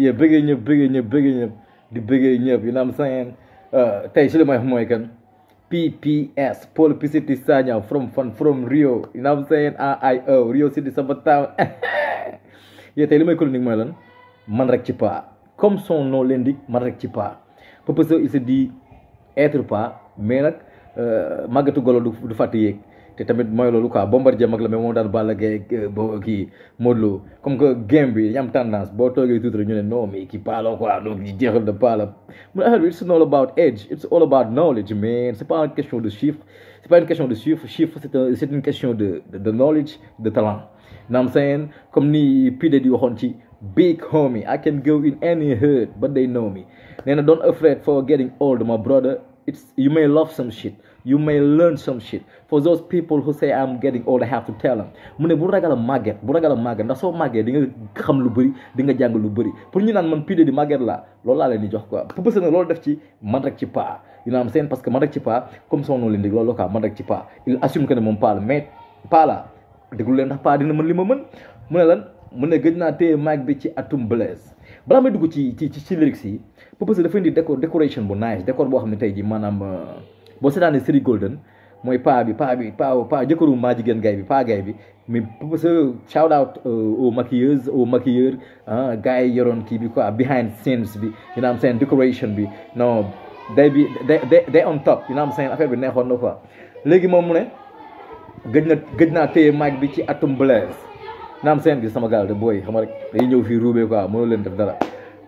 yeah, bigger ñëpp bigger ñëpp bigger ñëpp di bigger ñëpp you know what I'm saying tey si li may mooy kan PPS Paul Pisiti Sanya, from from from Rio you know what I'm saying R I O, Rio City sama town yeah tay li may chronique mooy lan man rek ci pas comme son nom l'indique man rek ci pas Papa Sow il se dit être pas mais nak euh magatu golo du fatiyek. te tamit mooy loolu quoi Bombardier mag la mais moom daal Balla Gaye bo kii Modou comme que game bi ñu tendance boo toogee tuuti ñu ne non mais kii paaloo quoi donc ñu jeexal na paala mu affaire bi it's all about age it's all about knowledge man. c' est pas une question de chiffre c' est pas une question de chiffre chiffre c' est un c' une question de de knowledge de talent naam sayeen comme ni Pide di waxoon ci big homie I can go in any herd but they know me nee na don't afraid for getting old my brother it's you may love some shit you may learn some shit for those people who say I'm getting old I have to tell them mu bu ragal a màgget bu ragal a màgget ndax soo màggee di nga xam lu bëri di nga jàng lu bëri pour ñu naan man pide di màgget la loolu laa leen di jox quoi pour que nag def ci man rek ci paa yu naan seen parce que man rek ci paa comme son nom l'indique loolu la quoi man rek ci paa il assume que ne moom paa la mais paa la déglu leen ndax paa dina mën li ma mën mu ne lan mu ne gëj naa téye mic bi ci atum blaise balaa ci ci ci lyrics yi pour boo xam ne tey jii maanaam euh, boo seetaanee série Golden mooy paa bi paa bi paa paa jëkkëru maa jigéen gay bi paa gay bi mais sa shout out euh, aux maquilleuses aux maquilleurs ah gars yi yoroon kii bi quoi behind scenes bi you know am seen decoration bi no day bi day day on top you know seen affaire bi neexoon na quoi léegi moom mu ne gëj na gëj naa téye maag bi ci atum blaise naam seen bi sama gaal de booy xam nga rek day ñëw fii ruubee quoi mënoo leen def dara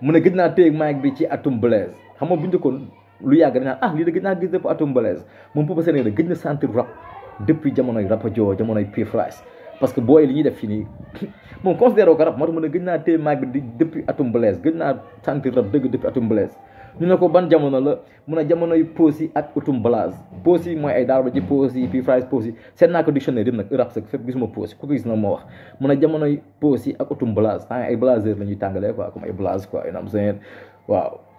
mu ne gëj naa téye maag bi ci atum blaise xam nga bu njëkkoon lu yàgg dañ naan ah lii da gëj naa gis dëpp Atom Blaze moom Papa Sané da gëj na sentir rap depuis jamonoy Rapadio jamonoy P parce que booy li ñuy def fii nii moom considéré ko rap moo tax mu ne gëj naa téye maag bi depuis Atom Blaze gëj naa sentir rap dëgg depuis Atom Blaze ñu ne ko ban jamono la mun a jamonoy pause yi ak Atom Blaze pause yi mooy ay daara ba ci pause yi P Flash pause yi seet naa ko dictionnaire yëpp nag rap sax fépp gisuma gis na moo wax mun a jamonoy pause yi ay blazer la ñuy tàngalee quoi comme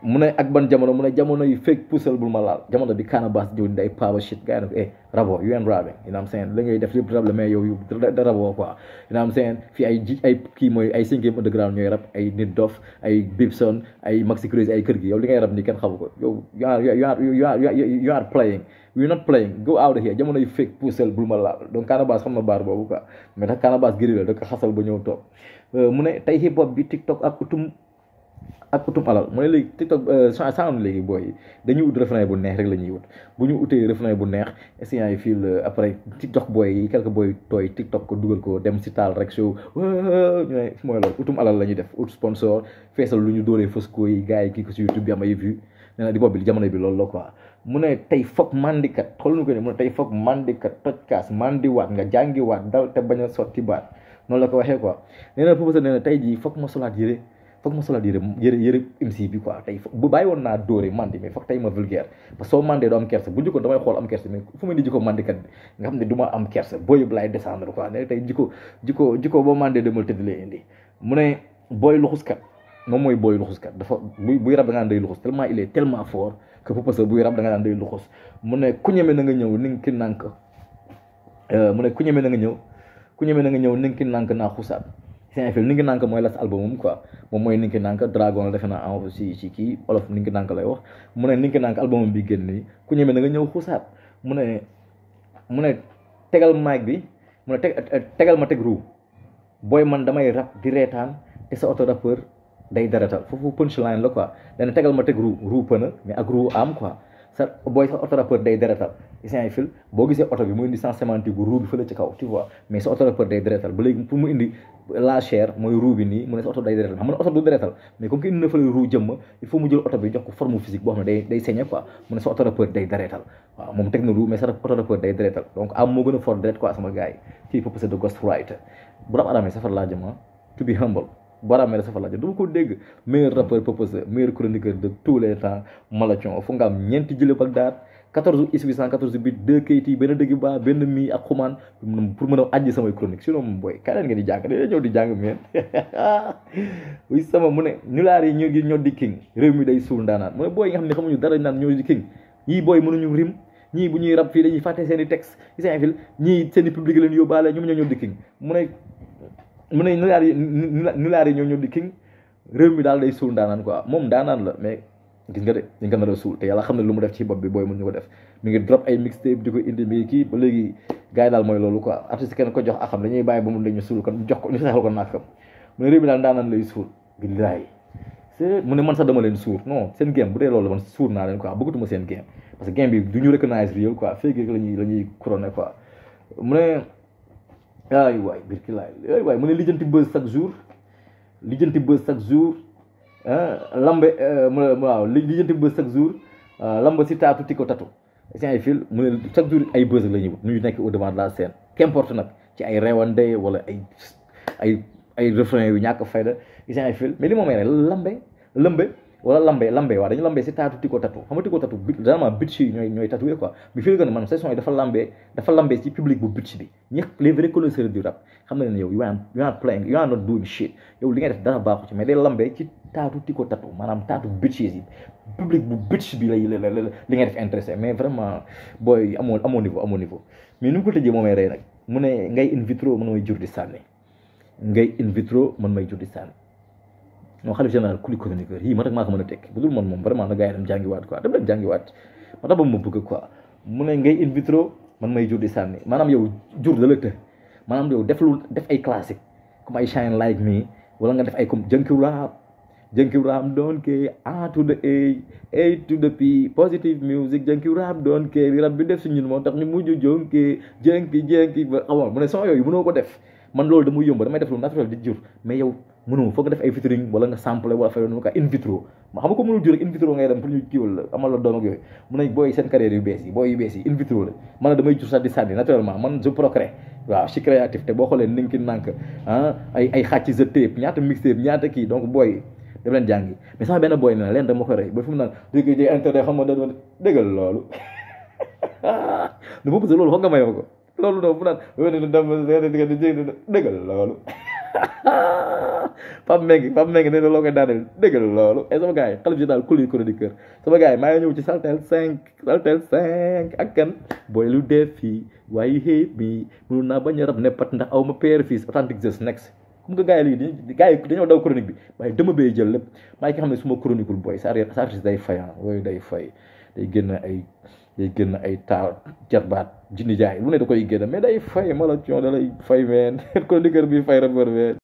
mu ne ak ban jamono mu ne jamono yi fekk puusal bul ma laal jamono bi cannabis jiw day paaba shit gars ne ko eh li ngay ko yow you are you are you are you baar boobu quoi mais tax cannabis la da ko xasal ba ñëw toog euh, mu ne tey hip hop bi TikTok ak utum ak utum alal mu ne léegi TikTok changement euh, léegi booy dañuy ut refrain bu neex rek la ñuy wut bu ñu utee refrain bu neex essayant yi fii la euh, après ci jox booy yi quelque booy tooy TikTok ko dugal ko dem si taal rek show ñu ne mooy loolu utum la ñuy def ut sponsor feesal lu ñu doolee fës ko yi gars yi kii ko si YouTube bi am nee na di boobu bi loolu la quoi tey foog mandikat xool nu ko ne mu ne tey foog mandikat tojkaas mandiwaat nga jàngiwaat dal te bañ a sotti baat noonu la ko waxee quoi tey jii foog ma solaat yére foog ma solaat yëre yëre yëre MC tey bu bàyyi woon naa dóore mandi mais foog tey ma vulgaire parce que soo mandee doo am kersa bu njëkkoon damay xool am kersa mais fu ma ni jikko mandikat bi nga xam ne du ma am kersa booyub laay descendre quoi ne tey jikko jikko boo mandee demal tëdd lay indi mu ne booy luxuskat moom mooy booy luxuskat dafa buy buy rab da nga naan day luxus tellement il est tellement fort que pour parce buy rab da nga naan day luxus mu ne ku ñeme na ñëw euh, mu ne ku ñeme na nga ñëw ku ñeme na nga ñëw ni ki nànk naa xusaat Saint Phil Ninki Nanka mooy last albumam quoi moom mooy Ninki Nanka dragon la defe naa am si si kii olof Ninki Nanka lay wax mu ne Ninki Nanka albumam bi génn nii ku ñemee na nga ñëw xusaat mu ne mu ne tegal mic bi mu ne teg tegal ma teg ruu booy man damay rap di reetaan te sa auto rappeur day daratal foofu punchline la quoi dana tegal ma teg ru ruu pëna ak ruu am quoi sa booy sa autorapeur day deretal isient fil boo gisee oto bi mu indi sens sémantique bu roue bi fële ci kaw tu vois mais sa autorapeur day deretal ba léegi mu indi la chair mooy roue nii mu ne sa oto day deretal mais comme que indi na fële roue jëmm il faut mu jël oto bi jox ko forme physique boo xam ne day day saigné mu ne sa autorapeur day deretal moom teg mais sa autorapeur day deretal donc am moo gën a fort deret quoi sama gars yi kii purpose Bara Mela Safalaja du ko dégg meilleur rappeur proposé meilleur chroniqueur de tous les temps Malathion fu nga am ñeenti jëlee Bagdad 14 isbi 114 bi deux kayit yi benn dëgg baa benn mii ak xumaan pour mën a ajji samay chronique sinon moom booy kaay leen ngeen di jàng dañuy ñëw di jàng meen oui mu ne booy nga xam ne xamuñu dara naan ñoo king ñii booy mënuñu rim ñii bu ñuy rab fii dañuy fàtte seen i texte seen i fil ñii seen i ñoo ñoo king mu ne nulaar yi nulaar yi ñoo ñëw di king réew mi daal day suul ndaanaan quoi moom ndaanaan la mais gis nga de ñu nga lu mu def ci bopp bi booy mën ñu ko def mi ngi drop di ko indi mi ba léegi gars yi daal mooy loolu quoi artiste kenn ko jox axam dañuy bàyyi ba mu dañu suul kon jox ko ñu saxal ko nakam mu ne réew mi daal ndaanaan lay suur non seen game bu dee loolu man suur naa leen quoi bëggatuma seen game parce que game bi du ñu recognize réel quoi fake rek la ñuy ay waay Birkilaay ay waay mu ne lijjanti bës chaque jour lijjanti bës chaque jour ah, lambe euh, waaw lijjanti bës chaque jour ah, lambe si taatu ti ko tatu si ay fil mu ne chaque jour ay bës la ñuy wut ñu nekk au devant de la scène qu'importe nag ci ay rewande wala ay ay ay yu ñàkk fayda si ay fil mais li ma may rek lambe lambe wala lambe lambe waaw dañu lambe si taatu Tico Tatou xam nga Tico Tatou bi généralement bitch yi ñooy ñooy tatoué quoi mais fii la gën man session yi dafa lambe dafa lambe si public bu bitch bi ñëpp les vrais connaisseurs du rap xam na ne yow you are you are playing you are not doing shit yow li ngay def dara baaxu ci mais day lambe ci taatu Tico Tatou maanaam taatu bitch yi public bu bitch bi lay la li ngay def intéressé mais vraiment booy amoo amoo niveau amoo niveau mais ni mu ko tëjee moomay rey nag mu ne ngay in vitro man mooy jur di sànni ngay in vitro man may jur di sànni ñoom xalif général kuli chroniqueur yii man rek maa ko mën a tekk bu dul man moom vraiment na gars yi dem jàngiwaat quoi dem leen jàngiwaat ma tax ba ma bëgg quoi mu ne ngay in vitro man may jur di sànni maanaam yow jur da la të maanaam yow def lu def ay classique comme ay shine like me wala nga def ay comme junkie rap junkie rap don't care A to the A A to the P positive music junkie rap don't care rap bi def si ñun moo tax ñu mujj junkie junkie junkie ba xaw ah ma mu ne son yooyu mënoo ko def man loolu dama yomb damay def lu naturel di jur mais yow mënoo foog nga def ay featuring wala nga sample wala affaire yoonu ka in ko mënul jur rek in vitro ngay booy seen carrière yu bees yi booy yu bees yi in vitro ah, ay ay xàcc sa tape ñaata mixtape ñaata kii donc booy daf leen jàngi mais sama benn booy ne leen dama ko rey ba fi mu naan léegi xam nga da doon dëggal loolu nu ma bëgg loolu foog nga mayoo ko loolu noonu mu naan dëggal loolu Pape Mengi Pape Mengi nee na loo koy daaneel déggal loolu et eh, sama gars yi xalif général kuli chroniqueur sama gars yi maa ngi ñëw ci saltel 5 saltel 5 kan booy lu dee fii waaye hate me mënoon naa bañ a rab ne pat ndax aw ma père fils authentique just next comme que gars yi léegi dañuy gars yi dañoo daw chronique bi waaye dama bay jël lépp maa ngi xam ne suma chronique booy sa artiste day fay ah day fay day génn ay. day na ay taal jarbaat jinni jaay lu ne da koy génn mais day fay mala cion da lay fay meen ko liggéey bi fay rek